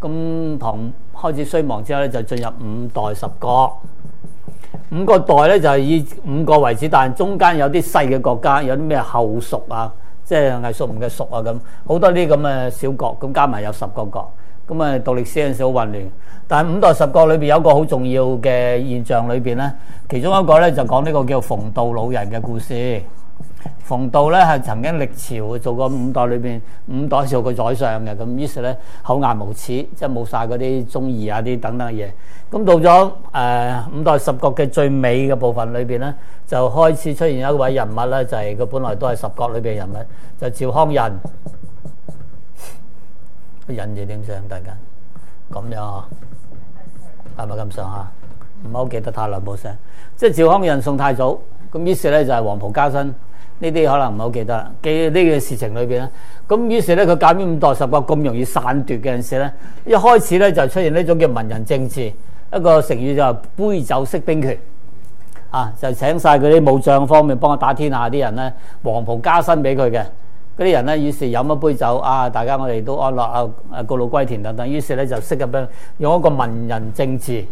咁唐開始衰亡之後咧，就進入五代十國。五個代咧就係、是、以五個為止。但係中間有啲細嘅國家，有啲咩後蜀啊，即係魏蜀吳嘅蜀啊，咁，好多啲咁嘅小國，咁加埋有十個國。咁啊，讀歷史嗰陣時好混亂，但係五代十國裏面有一個好重要嘅現象裏面咧，其中一個咧就講呢個叫馮道老人嘅故事。馮道咧係曾經歷朝做過五代裏面，五代做過宰相嘅，咁於是咧厚顏無恥，即係冇晒嗰啲忠義啊啲等等嘅嘢。咁到咗、呃、五代十國嘅最尾嘅部分裏面咧，就開始出現一位人物咧，就係、是、佢本來都係十國裏面嘅人物，就是、趙匡胤。忍住點上大家咁樣、啊，係咪咁上下唔好記得太耐部聲。即係趙匡胤宋太祖，咁於是咧就係黃袍加身。呢啲可能唔係好記得啦。記呢件事情裏面咧，咁於是咧佢教啲五代十國咁容易篡奪嘅陣時咧，一開始咧就出現呢種叫文人政治，一個成語就係杯酒釋兵權。啊，就請晒佢啲武將方面幫我打天下啲人咧，黃袍加身俾佢嘅。嗰啲人呢，於是飲一杯酒，啊，大家我哋都安樂啊，各、啊、老歸田等等。於是呢，就識咁樣用一個文人政治，呢、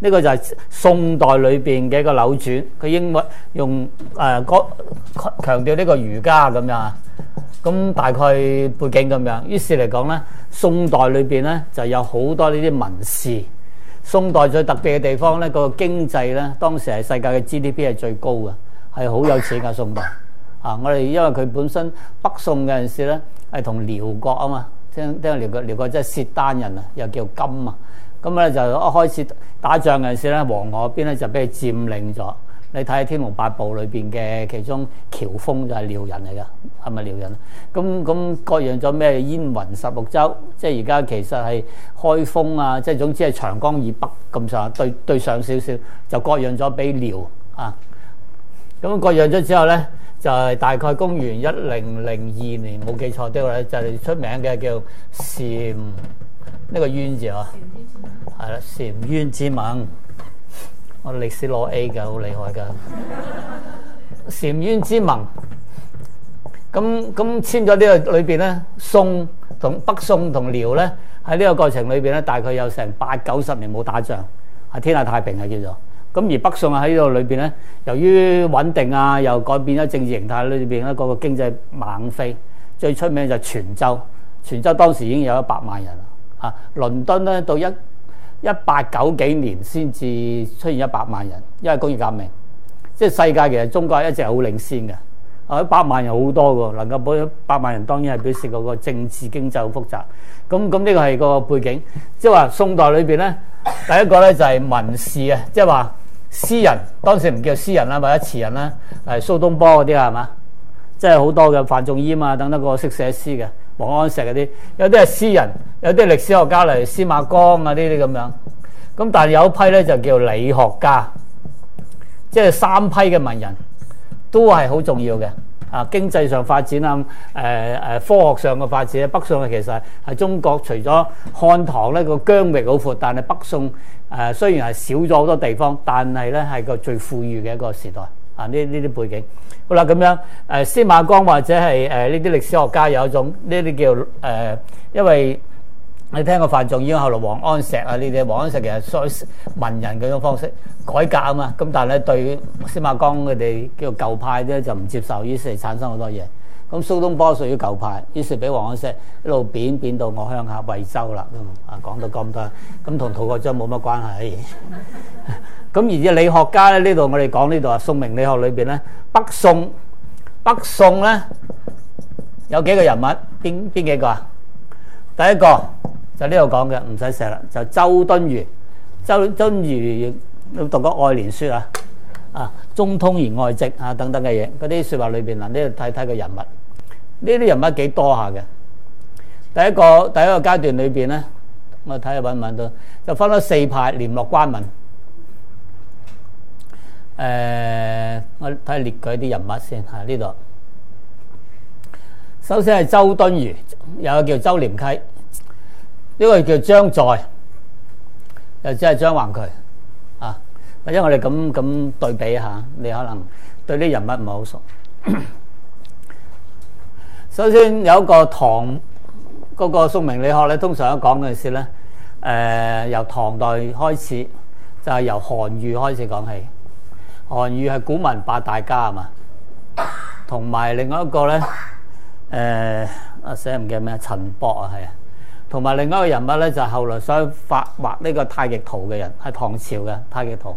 呢個就係宋代裏面嘅一個扭轉。佢英文用誒、呃、強調呢個儒家咁樣，咁大概背景咁樣。於是嚟講呢，宋代裏面呢，就有好多呢啲文士。宋代最特別嘅地方呢，個經濟呢，當時係世界嘅 GDP 係最高嘅，係好有錢嘅宋代。啊！我哋因為佢本身北宋嗰陣時咧，係同遼國啊嘛，聽聽下遼國遼國即係契丹人啊，又叫金啊。咁咧就一開始打仗嗰陣時咧，黃河嗰邊咧就俾佢佔領咗。你睇下《天龍八部》裏邊嘅其中喬峯就係遼人嚟㗎，係咪遼人？咁咁割讓咗咩？燕雲十六州，即係而家其實係開封啊，即係總之係長江以北咁上下，對對上少少就割讓咗俾遼啊。咁割讓咗之後咧。就係大概公元一零零二年冇記錯啲話咧，就係出名嘅叫澶呢個淵字啊，係啦，澶淵之盟，我歷史攞 A 嘅，好厲害嘅，澶淵之盟。咁咁簽咗呢個裏邊咧，宋同北宋同遼咧喺呢個過程裏邊咧，大概有成八九十年冇打仗，係天下太平啊叫做。咁而北宋喺呢度裏面咧，由於穩定啊，又改變咗政治形態裏面咧，個經濟猛飛。最出名就係泉州，泉州當時已經有一百萬人啊！倫敦咧到一一八九幾年先至出現一百萬人，因為工業革命，即係世界其實中國一直係好領先嘅。啊，一百萬人好多㗎，能夠保一百萬人當然係表示嗰個政治經濟好複雜。咁咁呢個係個背景，即係話宋代裏面咧，第一個咧就係民事啊，即係話。詩人當時唔叫詩人啦，或者詞人啦，係蘇東坡嗰啲啊，係嘛？即係好多嘅范仲淹啊，等等個識寫詩嘅王安石嗰啲，有啲係詩人，有啲歷史學家嚟，例如司馬光啊呢啲咁樣。咁但係有一批咧就叫理學家，即係三批嘅文人都係好重要嘅。啊，經濟上發展、呃、啊，誒誒科學上嘅發展啊，北宋啊其實係中國除咗漢唐咧個疆域好闊，但係北宋誒、呃、雖然係少咗好多地方，但係咧係個最富裕嘅一個時代啊！呢呢啲背景，好啦，咁樣誒，司、呃、馬光或者係誒呢啲歷史學家有一種呢啲叫誒、呃，因為。你聽過范仲淹、後來王安石啊呢啲？王安石其實屬於文人嗰種方式改革啊嘛。咁但係咧對司馬光佢哋叫舊派咧就唔接受，於是產生好多嘢。咁蘇東坡屬於舊派，於是俾王安石一路貶貶到我鄉下惠州啦。咁啊講到咁多，咁同陶國章冇乜關係。咁而家理學家咧呢度我哋講呢度啊，宋明理學裏邊咧，北宋北宋咧有幾個人物？邊邊幾個啊？第一個。就呢度講嘅，唔使寫啦。就周敦儒，周敦儒讀過《愛蓮說》啊，啊，中通而外直啊，等等嘅嘢，嗰啲說話裏面，嗱，呢度睇睇個人物，呢啲人物幾多下嘅。第一個第一個階段裏面咧，我睇下揾唔揾到，就分咗四派，濂洛關閩。誒、呃，我睇列舉啲人物先呢度。首先係周敦儒，有個叫周濂溪。呢個叫張載，又即係張橫渠啊！或者我哋咁咁對比下，你可能對啲人物唔係好熟。首先有一個唐，嗰個宋明理學咧，通常有講嘅事咧，誒，由唐代開始就係由韓愈開始講起。韓愈係古文八大家啊嘛，同埋另外一個咧，誒，阿寫唔記得咩？陳伯啊，係啊。同埋另外一個人物咧，就係、是、後來想發畫呢個太極圖嘅人，係唐朝嘅太極圖。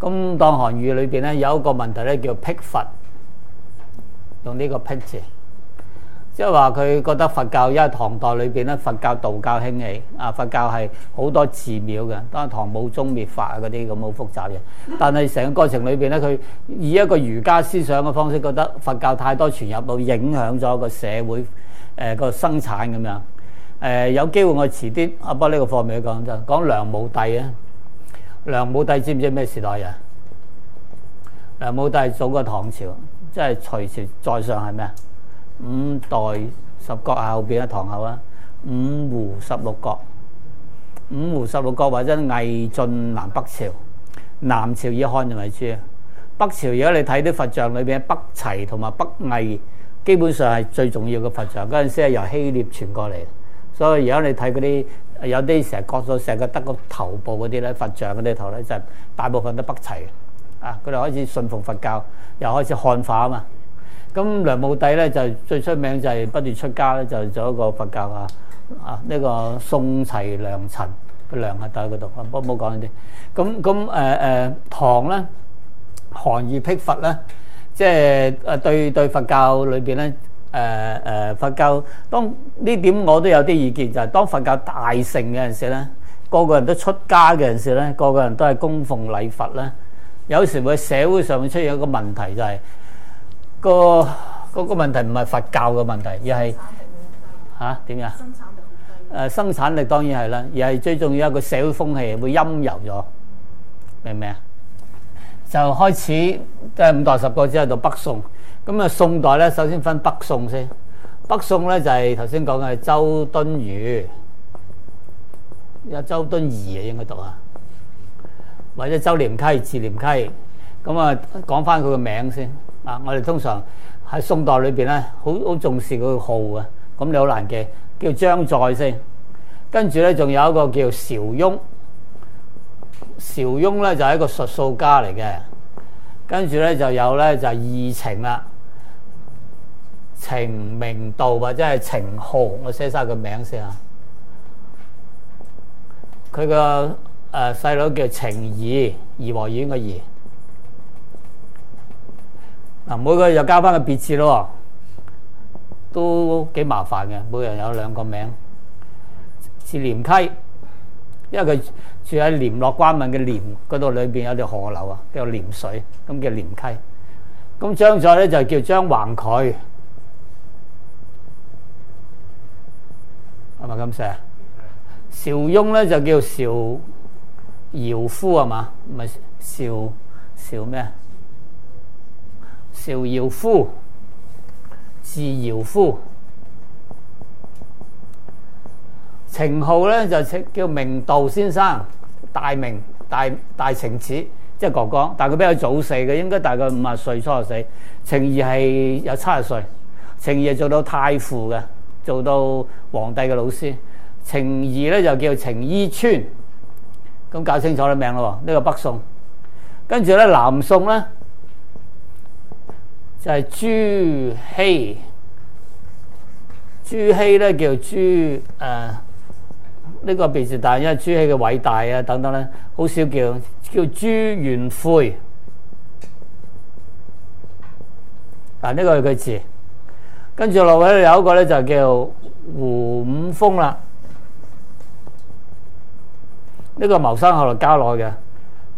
咁當韓愈裏面咧有一個問題咧，叫闢佛，用呢個闢字，即係話佢覺得佛教，因為唐代裏面咧佛教道教興起啊，佛教係好多寺廟嘅，當唐武宗滅法啊嗰啲咁好複雜嘅。但係成個過程裏面咧，佢以一個儒家思想嘅方式，覺得佛教太多傳入到影響咗個社會誒個、呃、生產咁樣。誒有機會我遲啲，不過呢個課未講真講梁武帝啊，梁武帝知唔知咩時代啊？梁武帝早過唐朝，即係隋朝在上係咩啊？五代十國啊，後邊啊唐後啊，五胡十六國，五胡十六國或者魏晉南北朝，南朝以漢人為主，北朝如果你睇啲佛像裏邊北齊同埋北魏基本上係最重要嘅佛像。嗰陣時係由希臘傳過嚟。所以而家你睇嗰啲有啲成日國度成個得個頭部嗰啲咧佛像嗰啲頭咧，就係、大部分都北齊啊！佢哋開始信奉佛教，又開始漢化啊嘛。咁梁武帝咧就最出名就係不斷出家咧，就做一個佛教啊啊呢、呢個宋齊良辰梁陳嘅梁啊，喺嗰度啊，唔好唔講呢啲。咁咁誒誒唐咧，韓愈辟佛咧，即係誒對對佛教裏邊咧。誒、呃、誒、呃、佛教，當呢點我都有啲意見，就係、是、當佛教大盛嘅陣時咧，個個人都出家嘅陣時咧，個個人都係供奉禮佛咧。有時會社會上會出現一個問題，就係、是那個嗰、那個問題唔係佛教嘅問題，而係嚇點樣？誒生、呃、生產力當然係啦，而係最重要一個社會風氣會陰柔咗，明唔明啊？就開始即係五代十國之後到北宋。咁啊，宋代咧，首先分北宋先。北宋咧就係頭先講嘅周敦頤，有周敦頤啊，應該讀啊，或者周濂溪，字濂溪。咁啊，講翻佢個名先。啊，我哋通常喺宋代裏邊咧，好好重視佢個號啊。咁你好難記，叫張載先。跟住咧，仲有一個叫邵雍。邵雍咧就係一個術數家嚟嘅。跟住咧就有咧就係二程啦。程明道或者係程顥，我寫晒個名先啊。佢個誒細佬叫程頤，頤和園嘅頤。嗱，每個人又加翻個別字咯，都幾麻煩嘅。每人有兩個名字，是濂溪，因為佢住喺濂洛關閩嘅濂嗰度，裏邊有一條河流啊，叫濂水，咁叫濂溪。咁張載咧就叫張橫渠。係咪咁寫？邵雍咧就叫邵堯夫啊嘛，唔係邵邵咩？邵堯夫，字堯夫，夫。程顥咧就叫明道先生，大明大大程子，即係哥哥，但係佢比較早死嘅，應該大概五啊歲、初啊歲。程頤係有七十歲，程頤係做到太傅嘅，做到皇帝嘅老師，程頤咧就叫程伊川，咁搞清楚啲名咯。呢個北宋，跟住咧南宋咧就係朱熹，朱熹咧叫朱誒，呢個別字，但因為朱熹嘅偉大啊等等咧，好少叫叫朱元晦，嗱，呢個係佢字。跟住落位咧，有一個咧就叫胡五峰啦。呢個茅山後來交落去嘅。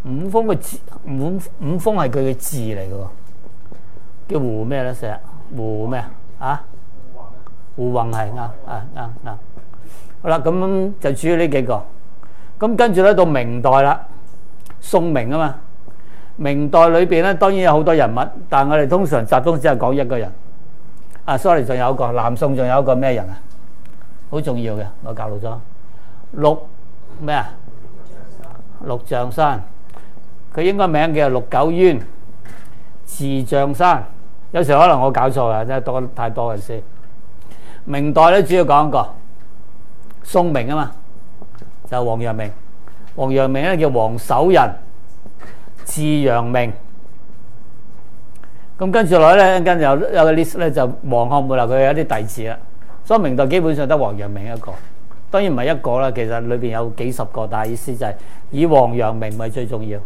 五峰嘅字，五五峰係佢嘅字嚟嘅，叫胡咩咧？石胡咩啊？胡宏係啱，啊、嗯嗯嗯、好啦，咁就主要呢幾個。咁跟住咧到明代啦，宋明啊嘛。明代裏面咧當然有好多人物，但係我哋通常集中只係講一個人。啊，sorry，仲有一個南宋仲有一個咩人啊？好重要嘅，我教老咗陸咩啊？陸象山，佢應該名叫陸九淵，字象山。有時候可能我搞錯啦，真係多太多嘅。先明代咧主要講一個宋明啊嘛，就係王陽明。王陽明咧叫王守仁，字陽明。咁跟住落嚟咧，跟住有有個 list 咧，就王學門流佢有啲弟子啦。所以明代基本上得王陽明一個，當然唔係一個啦。其實裏邊有幾十個，但係意思就係以王陽明為最重要。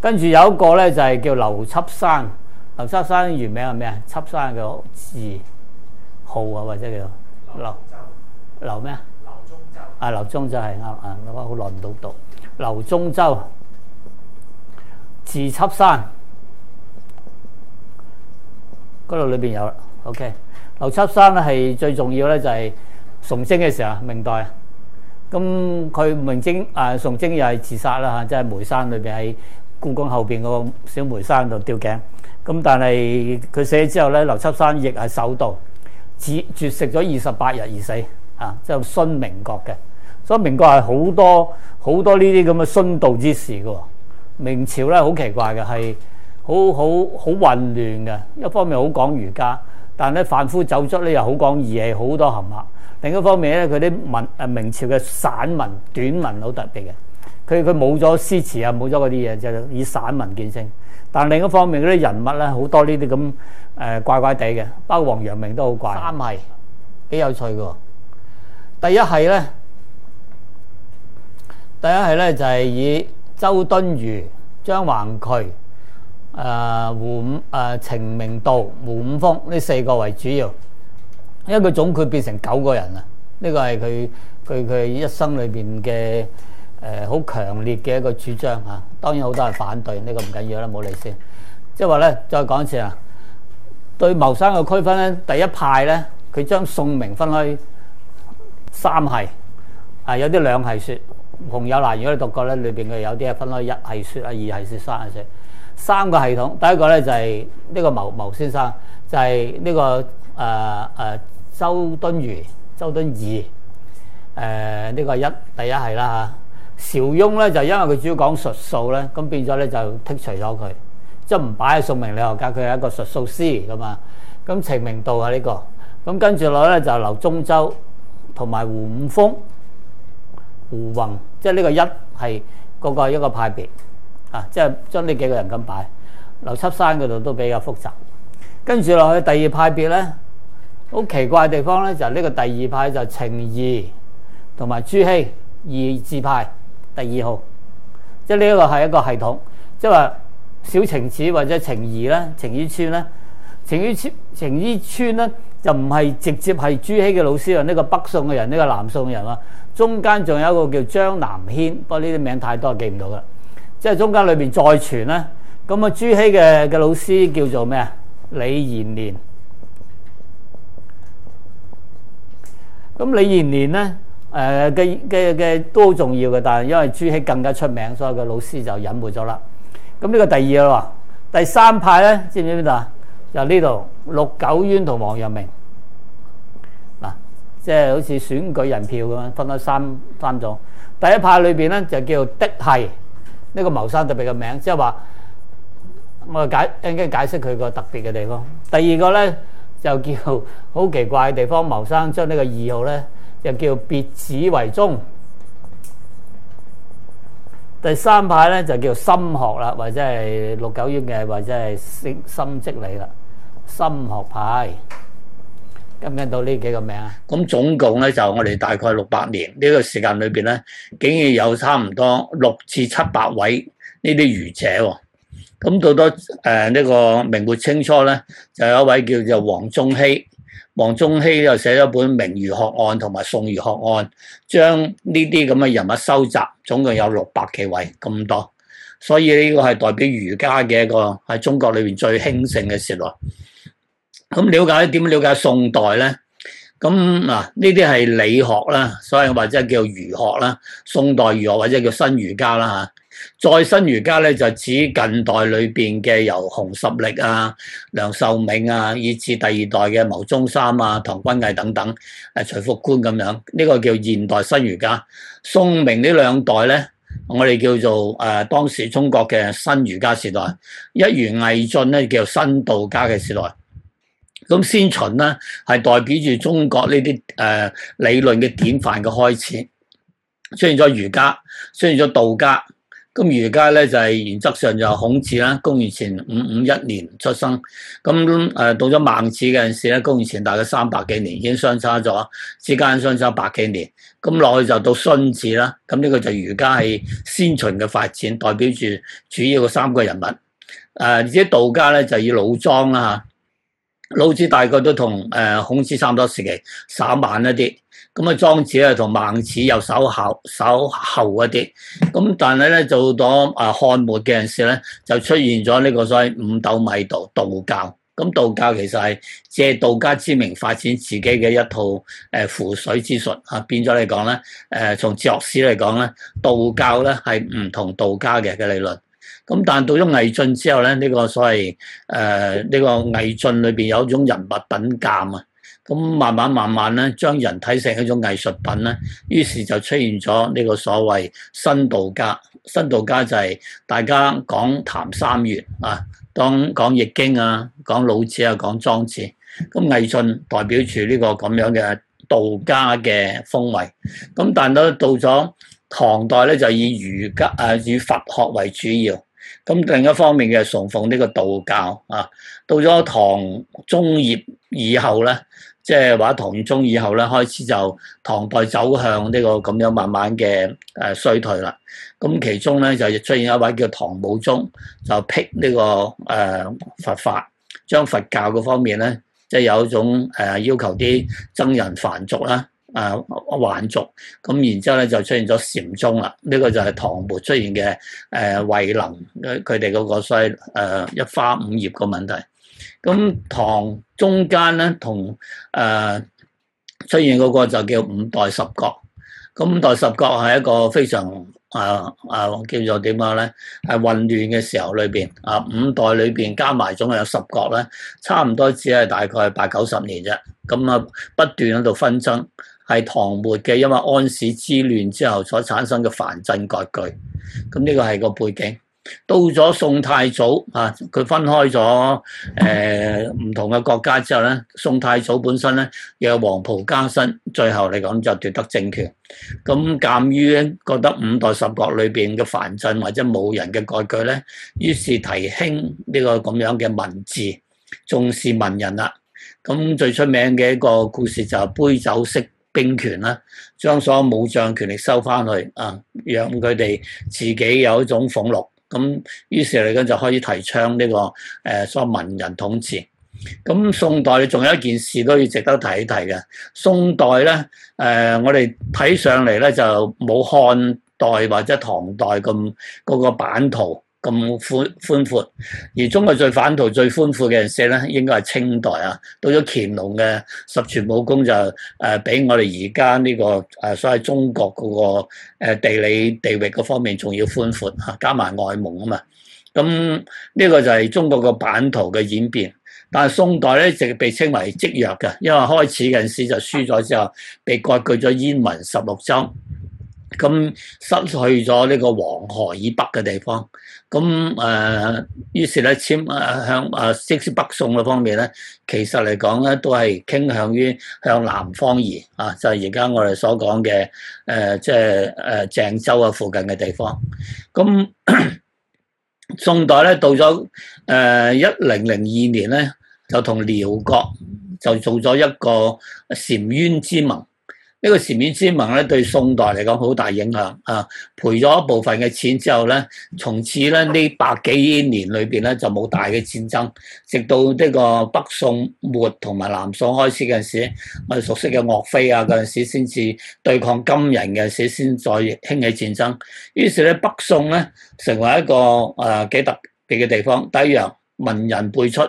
跟住有一個咧，就係叫劉輯山，劉輯山原名係咩啊？輯山叫字號啊，或者叫劉劉咩啊？劉宗周啊，劉宗周係啱啊，我好耐唔到讀。劉宗周字輯山。嗰度裏邊有啦，OK。劉蕺山咧係最重要咧，就係崇禎嘅時候，明代。咁佢崇禎啊，崇禎又係自殺啦嚇，即係梅山裏邊喺故宮後邊個小梅山度吊頸。咁但係佢死之後咧，劉蕺山亦係守道，自絕食咗二十八日而死啊！即係殉明國嘅。所以明國係好多好多呢啲咁嘅殉道之士嘅。明朝咧好奇怪嘅係。好好好混亂嘅，一方面好講儒家，但係咧凡夫走卒咧又好講義氣，好多含客；另一方面咧，佢啲文誒、啊、明朝嘅散文短文好特別嘅，佢佢冇咗詩詞啊，冇咗嗰啲嘢，就是、以散文見稱。但另一方面嗰啲人物咧好多呢啲咁怪怪地嘅，包括王陽明都好怪的。三系幾有趣嘅、哦，第一系咧，第一系咧就係、是、以周敦頤、張橫渠。誒、呃、胡五誒、呃、程明道、胡五峰呢四個為主要，因為佢總佢變成九個人啦。呢、這個係佢佢佢一生裏邊嘅誒好強烈嘅一個主張嚇、啊。當然好多人反對呢、這個唔緊要啦，冇理先。即係話咧，再講一次啊，對謀生嘅區分咧，第一派咧，佢將宋明分開三系，係、啊、有啲兩系説。馮友蘭，如果你讀過咧，裏邊佢有啲係分開一係説啊，二係説，三係説。三個系統，第一個咧就係呢個牟牟先生，就係呢個誒誒周敦儒、周敦頤，誒呢個一第一係啦嚇。邵雍咧就因為佢主要講術數咧，咁變咗咧就剔除咗佢，即係唔擺喺宋明理學家，佢係一個術數師噶嘛。咁程明道啊呢個，咁跟住落咧就劉宗周同埋胡五峰、胡宏，即係呢個一係嗰個一個派別。啊！即係將呢幾個人咁擺，劉蕺山嗰度都比較複雜。跟住落去第二派別咧，好奇怪嘅地方咧，就呢個第二派就係程頤同埋朱熹二字派第二號，即係呢一個係一個系統，即係話小程子或者程頤啦、程伊川啦、程伊川、程伊川啦，就唔係直接係朱熹嘅老師啊，呢個北宋嘅人，呢個南宋嘅人啊，中間仲有一個叫張南軒，不過呢啲名太多記唔到啦。即係中間裏邊再傳咧，咁啊朱熹嘅嘅老師叫做咩啊？李延年。咁李延年咧，誒嘅嘅嘅都好重要嘅，但係因為朱熹更加出名，所以個老師就隱瞞咗啦。咁呢個第二個啦喎，第三派咧知唔知邊度啊？就呢度陸九淵同王陽明嗱，即係好似選舉人票咁樣分開三三種。第一派裏邊咧就叫做的系。呢、這個謀生特別嘅名字，即係話我解應該解釋佢個特別嘅地方。第二個咧就叫好奇怪嘅地方，謀生將呢個二號咧就叫別子為宗。第三派咧就叫心學啦，或者係陸九淵嘅，或者係心心即理啦，心學派。跟唔跟到呢幾個名啊？咁總共咧就我哋大概六百年呢、呢個時間裏邊咧，竟然有差唔多六至七百位這些、哦嗯呃這個、呢啲儒者喎。咁到咗誒呢個明末清初咧，就有一位叫做黃宗羲。黃宗羲又寫咗本《明儒學案》同埋《宋儒學案》，將呢啲咁嘅人物收集，總共有六百幾位咁多。所以呢個係代表儒家嘅一個喺中國裏邊最興盛嘅時代。咁了解點了解宋代咧？咁嗱，呢啲係理學啦，所以或者叫儒學啦。宋代儒學或者叫新儒家啦嚇。再新儒家咧，就指近代裏面嘅由熊十力啊、梁漱溟啊，以至第二代嘅牟宗三啊、唐君毅等等，誒徐復觀咁樣，呢、呢個叫現代新儒家。宋明呢兩代咧，我哋叫做誒當時中國嘅新儒家時代。一如魏晉咧，叫新道家嘅時代。咁先秦咧，係代表住中國呢啲誒理論嘅典範嘅開始。出現咗儒家，出現咗道家。咁儒家咧就係、是、原則上就孔子啦，公元前五五一年出生。咁誒到咗孟子嗰陣時咧，公元前大概三百幾年，已經相差咗，之間相差百幾年。咁落去就到荀子啦。咁呢個就儒家係先秦嘅發展，代表住主要嘅三個人物。誒、呃、而且道家咧就以老莊啦嚇。老子大概都同誒、呃、孔子差唔多時期稍晚一啲，咁、嗯、啊莊子咧同孟子又稍後稍後一啲，咁、嗯、但係咧做咗啊漢末嘅陣時咧，就出現咗呢個所謂五斗米道道教，咁、嗯、道教其實係借道家之名發展自己嘅一套誒、呃、符水之術啊，變咗嚟講咧誒，從、呃、哲學史嚟講咧，道教咧係唔同道家嘅嘅理論。咁但到咗魏晉之後咧，呢、這個所謂誒呢、呃，這個魏晉裏面有一種人物品鑑啊，咁慢慢慢慢咧將人睇成一種藝術品咧，於是就出現咗呢個所謂新道家。新道家就係大家講談三月」啊，講講易經啊，講老子啊，講莊子。咁魏晉代表住呢個咁樣嘅道家嘅風味。咁但係到到咗唐代咧，就以儒家啊，以、呃、佛學為主要。咁另一方面嘅崇奉呢個道教啊，到咗唐中葉以後咧，即係話唐宗以後咧，開始就唐代走向呢個咁樣慢慢嘅衰退啦。咁其中咧就出現一位叫唐武宗，就闢呢、這個誒、呃、佛法，將佛教嗰方面咧，即係有一種誒要求啲僧人繁俗啦。啊，還族咁，然之後咧就出現咗禪宗啦。呢、這個就係唐末出現嘅誒、呃、慧能佢哋嗰個所謂、呃、一花五葉嘅問題。咁唐中間咧同誒出現嗰個就叫五代十國。咁五代十國係一個非常誒、啊啊、叫做點樣咧？係混亂嘅時候裏邊。啊，五代裏邊加埋總係有十國咧，差唔多只係大概八九十年啫。咁啊不斷喺度紛爭。係唐末嘅，因為安史之亂之後所產生嘅藩鎮割據，咁呢個係個背景。到咗宋太祖啊，佢分開咗誒唔同嘅國家之後咧，宋太祖本身咧又有黃袍加身，最後嚟講就奪得政權。咁鑒於咧覺得五代十國裏邊嘅藩鎮或者冇人嘅割據咧，於是提興呢個咁樣嘅文字，重視文人啦。咁最出名嘅一個故事就係、是、杯酒釋兵權啦，將所有武將權力收翻去，啊，讓佢哋自己有一種俸祿，咁於是嚟緊就開始提倡呢個誒，所謂文人統治。咁宋代仲有一件事都要值得提一提嘅，宋代咧誒，我哋睇上嚟咧就冇漢代或者唐代咁嗰個版圖。咁寬寬闊，而中國最版圖最寬闊嘅陣時咧，應該係清代啊。到咗乾隆嘅十全武功就誒、呃，比我哋而家呢個誒、呃、所謂中國嗰個地理地域嗰方面仲要寬闊，加埋外蒙啊嘛。咁呢個就係中國個版圖嘅演變。但係宋代咧，直被稱為積弱嘅，因為開始陣時就輸咗之後，被割據咗燕雲十六州。咁失去咗呢個黃河以北嘅地方，咁誒、呃，於是咧簽誒向誒即係北宋嘅方面咧，其實嚟講咧都係傾向於向南方移啊，就係而家我哋所講嘅誒，即係誒鄭州啊附近嘅地方。咁宋 代咧到咗誒一零零二年咧，就同遼國就做咗一個澶淵之盟。呢、這個澶淵之盟咧，對宋代嚟講好大影響啊！賠咗一部分嘅錢之後咧，從此咧呢百幾年裏邊咧就冇大嘅戰爭，直到呢個北宋末同埋南宋開始嗰陣時候，我哋熟悉嘅岳飛啊嗰陣時先至對抗金人嘅時先再興起戰爭。於是咧，北宋咧成為一個誒幾特別嘅地方，第一樣，文人輩出。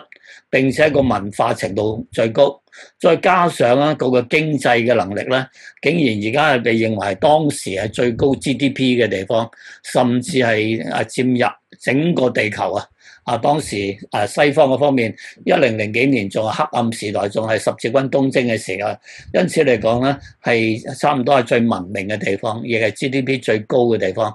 並且個文化程度最高，再加上咧、啊、個、那個經濟嘅能力咧，竟然而家係被認為係當時係最高 GDP 嘅地方，甚至係啊佔入整個地球啊！啊當時啊西方嗰方面，一零零幾年仲係黑暗時代，仲係十字軍東征嘅時候，因此嚟講咧，係差唔多係最文明嘅地方，亦係 GDP 最高嘅地方。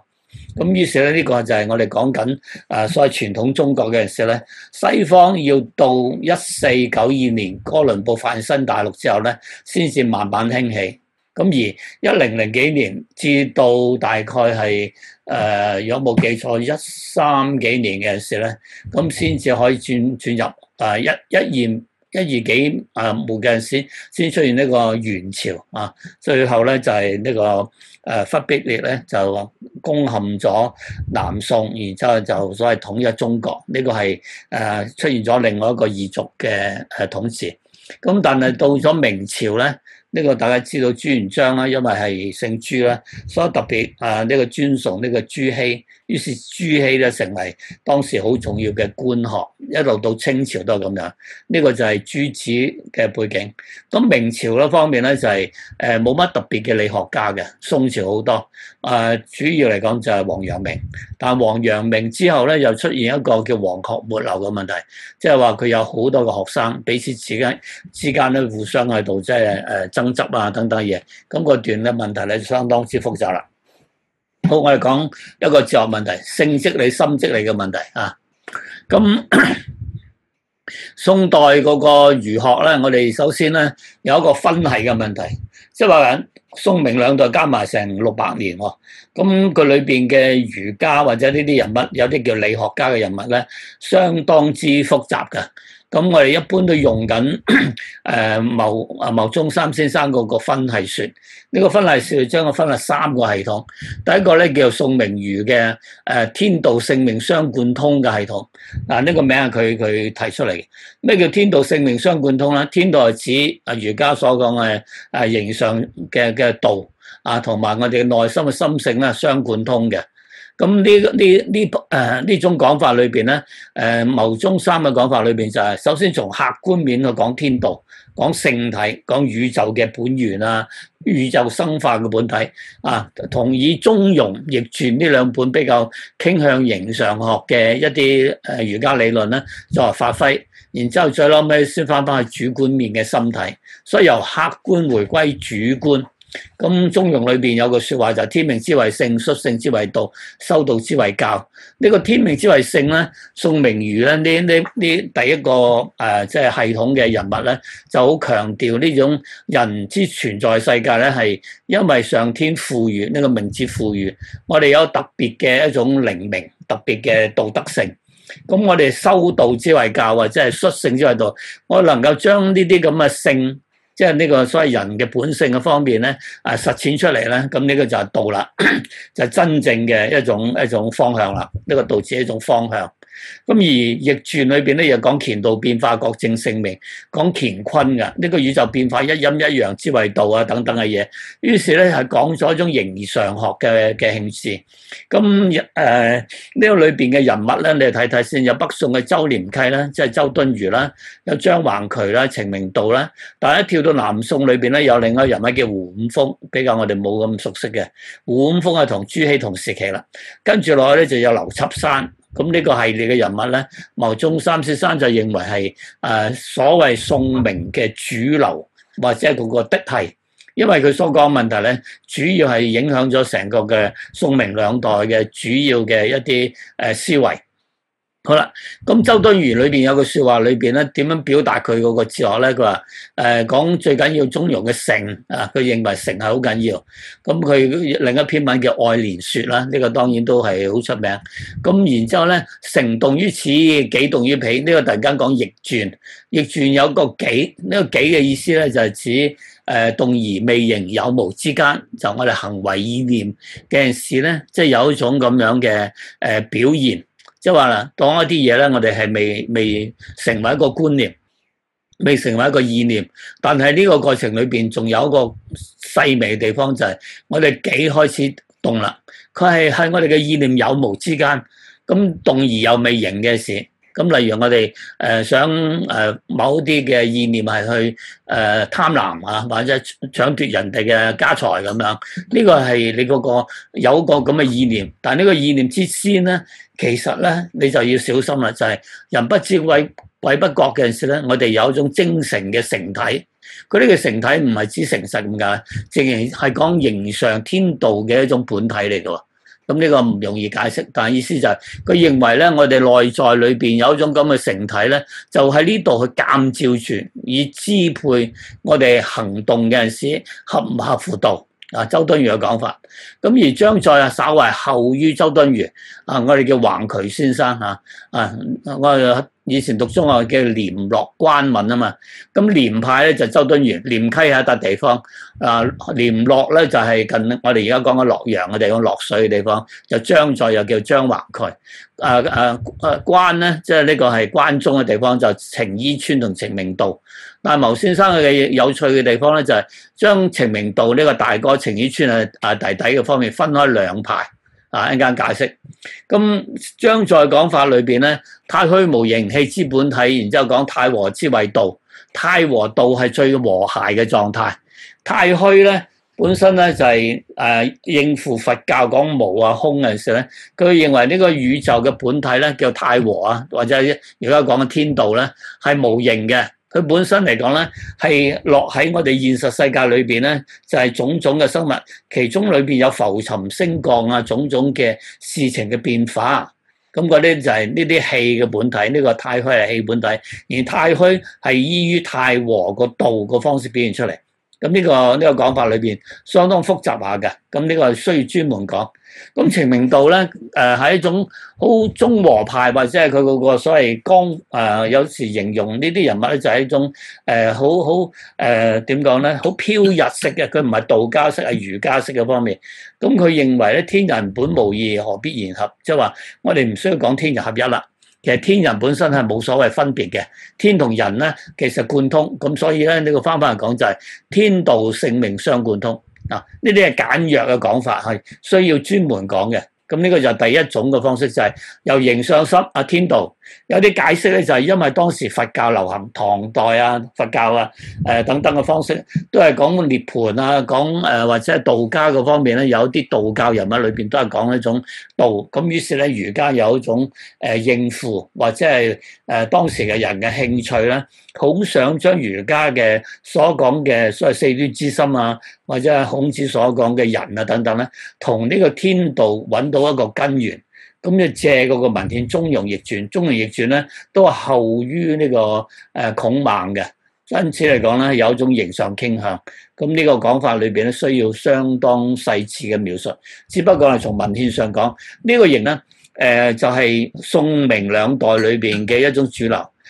咁於是咧，呢、這個就係我哋講緊、呃、所謂傳統中國嘅時咧，西方要到一四九二年哥倫布發現新大陸之後咧，先至慢慢興起。咁而一零零幾年至到大概係誒，呃、如果沒有冇記錯一三幾年嘅時咧，咁先至可以轉轉入誒、呃、一一二。一二幾啊，無幾時先先出現呢個元朝啊，最後咧就係呢個忽必烈咧就攻陷咗南宋，然之後就所謂統一中國，呢個係誒出現咗另外一個異族嘅誒統治。咁但係到咗明朝咧，呢個大家知道朱元璋啦，因為係姓朱啦，所以特別誒呢個尊崇呢個朱熹。於是朱熹咧成為當時好重要嘅官學，一路到清朝都係咁樣。呢、這個就係朱子嘅背景。咁明朝方面咧就係誒冇乜特別嘅理學家嘅，宋朝好多。誒、呃、主要嚟講就係王陽明。但王陽明之後咧又出現一個叫王學末流嘅問題，即係話佢有好多嘅學生彼此之間之間咧互相喺度即係誒爭執啊等等嘢。咁、那個段嘅問題咧相當之複雜啦。好，我哋講一個哲學問題，性即理、心即理嘅問題啊。咁宋代嗰個儒學咧，我哋首先咧有一個分系嘅問題，即係話宋明兩代加埋成六百年，咁佢裏邊嘅儒家或者呢啲人物，有啲叫理學家嘅人物咧，相當之複雜㗎。咁我哋一般都用緊誒牟啊牟宗三先生嗰個分系說，呢個分系說將佢分為三個系統，第一個咧，叫做宋明儒嘅誒、呃、天道性命相貫通嘅系統，嗱呢個名係佢佢提出嚟嘅。咩叫天道性命相貫通咧？天道係指啊儒家所講嘅、呃、形上嘅嘅道啊，同埋我哋嘅內心嘅心性咧相貫通嘅。咁呢呢呢呢種講法裏面，咧、呃，誒牟宗三嘅講法裏面，就係首先從客觀面去講天道、講性體、講宇宙嘅本源啊，宇宙生化嘅本體啊，同以中庸、易傳呢兩本比較傾向形上學嘅一啲誒儒家理論咧作為發揮，然之後再後屘先翻返去主觀面嘅心體，所以由客觀回歸主觀。咁《中庸》裏邊有個說話就係天命之謂性，率性之謂道，修道之謂教。呢、呢個天命之謂性咧，宋明儒咧呢呢呢第一個誒即係系統嘅人物咧，就好強調呢種人之存在世界咧係因為上天賦予呢個名字賦予我哋有特別嘅一種靈明，特別嘅道德性。咁我哋修道之謂教或者係率性之謂道，我能夠將呢啲咁嘅性。即係呢個，所謂人嘅本性嘅方面咧，啊實踐出嚟咧，咁呢個就係道啦，就係、是、真正嘅一種一種方向啦，呢、這個導致一種方向。咁而易傳裏邊咧又講乾道變化，各正性命，講乾坤嘅、呢、這個宇宙變化，一陰一陽之謂道啊等等嘅嘢。於是咧係講咗一種形而上學嘅嘅性質。咁誒呢個裏邊嘅人物咧，你睇睇先，有北宋嘅周濂溪啦，即係周敦頤啦，有張橫渠啦、程明道啦。但係一跳到南宋裏邊咧，有另外一個人物叫胡五峰，比較我哋冇咁熟悉嘅胡五峰啊，同朱熹同時期啦。跟住落去咧就有劉蕺山。咁呢個系列嘅人物咧，牟宗三先生就認為係誒、呃、所謂宋明嘅主流或者係嫡系，因為佢所講問題咧，主要係影響咗成個嘅宋明兩代嘅主要嘅一啲思維。好啦，咁周敦頤裏邊有句說話裡面，裏邊咧點樣表達佢嗰個哲學咧？佢話誒，講、呃、最緊要中庸嘅誠啊，佢認為誠係好緊要。咁佢另一篇文叫《愛蓮說》啦，呢、這個當然都係好出名。咁然之後咧，誠動於此，幾動於彼。呢、這個突然間講逆轉，逆轉有個幾，呢、這個幾嘅意思咧就係指誒、呃、動而未形，有無之間，就我哋行為意念嘅事咧，即、就、係、是、有一種咁樣嘅誒表現。即係話啦，當一啲嘢咧，我哋係未未成為一個觀念，未成為一個意念，但係呢個過程裏邊仲有一個細微嘅地方就係，我哋幾開始動啦，佢係喺我哋嘅意念有無之間，咁動而又未形嘅事。咁例如我哋誒想誒某啲嘅意念係去誒貪婪啊，或者搶奪人哋嘅家財咁樣，呢個係你嗰個有個咁嘅意念，但呢個意念之先咧，其實咧你就要小心啦，就係人不知鬼鬼不覺嘅陣時咧，我哋有一種精誠嘅誠體，佢呢個誠體唔係指誠實咁解，淨係講形上天道嘅一種本體嚟嘅。咁呢個唔容易解釋，但意思就係佢認為咧，我哋內在裏面有一種咁嘅成體咧，就喺呢度去鑑照住，以支配我哋行動嘅時合唔合乎道啊？周敦頤嘅講法，咁、啊、而張載稍為後於周敦頤啊，我哋叫橫渠先生啊，啊，我。以前讀中學叫濂洛關閩啊嘛，咁濂派咧就周敦頤，濂溪係一笪地方，啊濂洛咧就係、是、近我哋而家講嘅洛陽嘅地方，洛水嘅地方，就張載又叫張橫渠，啊啊啊關咧，即係呢個係關中嘅地方，就是、程伊川同程明道。但係牟先生嘅有趣嘅地方咧就係、是、將程明道呢個大哥、程伊川、啊啊弟弟嘅方面分開兩派。啊！一陣間解釋，咁張載講法裏面咧，太虛無形氣之本體，然之後講太和之為道，太和道係最和諧嘅狀態。太虛咧本身咧就係、是、誒、啊、應付佛教講無啊空嘅時候咧，佢認為呢個宇宙嘅本體咧叫太和啊，或者係而家講嘅天道咧係無形嘅。佢本身嚟講咧，係落喺我哋現實世界裏面，咧，就係、是、種種嘅生物，其中裏面有浮沉升降啊，種種嘅事情嘅變化。咁嗰啲就係呢啲氣嘅本體，呢、這個太虛係氣本體，而太虛係依於太和個道個方式表現出嚟。咁呢、這個呢、這個講法裏面相當複雜下嘅，咁呢個需要專門講。咁程明道咧，誒、呃、係一種好中和派，或者係佢嗰個所謂光誒、呃，有時形容呢啲人物咧就係一種誒好好誒點講咧，好、呃呃、飄逸式嘅。佢唔係道家式，係儒家式嘅方面。咁佢認為咧，天人本無二，何必言合？即係話我哋唔需要講天人合一啦。其實天人本身係冇所謂分別嘅，天同人咧，其實貫通，咁所以咧呢、呢個翻翻嚟講就係、是、天道性命相貫通。嗱呢啲係簡約嘅講法，係需要專門講嘅，咁呢個就係第一種嘅方式，就係、是、由形上心，阿天道。有啲解釋咧就係因為當時佛教流行唐代啊佛教啊，呃、等等嘅方式，都係講涅槃啊，講，呃、或者道家嗰方面咧，有啲道教人物裏面都係講一種道。咁於是咧，儒家有一種誒，呃、應付或者係誒，呃、當時嘅人嘅興趣咧，好想將儒家嘅所講嘅所謂四端之心啊，或者係孔子所講嘅仁啊等等咧，同呢個天道搵到一個根源。咁就借個個文獻中庸易傳，中庸易傳咧都係後於呢個誒孔孟嘅，因此嚟講咧有一種形上傾向。咁呢個講法裏面咧需要相當細緻嘅描述，只不過係從文獻上講，呢、這個形咧誒、呃、就係、是、宋明兩代裏面嘅一種主流。